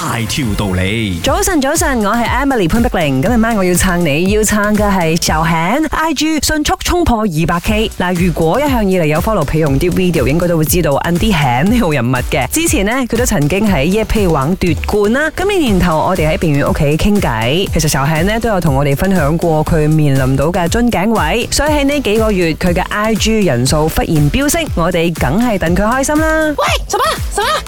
大條道理，早晨早晨，我係 Emily 潘碧玲，今日晚我要撐你要撐嘅係小 Henn IG 迅速衝破二百 K。嗱，如果一向以嚟有 follow 皮用啲 video，應該都會知道 Andy Henn 呢號人物嘅。之前呢，佢都曾經喺 y o u 玩奪冠啦。今年年頭，我哋喺邊緣屋企傾偈。其實小 Henn 都有同我哋分享過佢面臨到嘅樽頸位。所以喺呢幾個月，佢嘅 IG 人數忽然飆升，我哋梗係等佢開心啦。喂，什麼什麼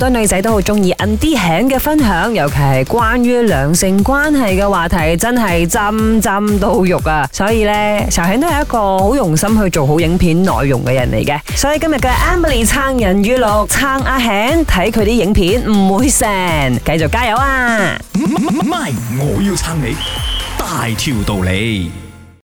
多女仔都好中意 Andy Henn 嘅分享，尤其係關於兩性關係嘅話題，真係浸浸到肉啊！所以咧，阿 Henn 都係一個好用心去做好影片內容嘅人嚟嘅。所以今日嘅 Emily 撐人娛樂撐阿 Henn，睇佢啲影片唔會成。繼續加油啊！唔係，我要撐你，大條道理。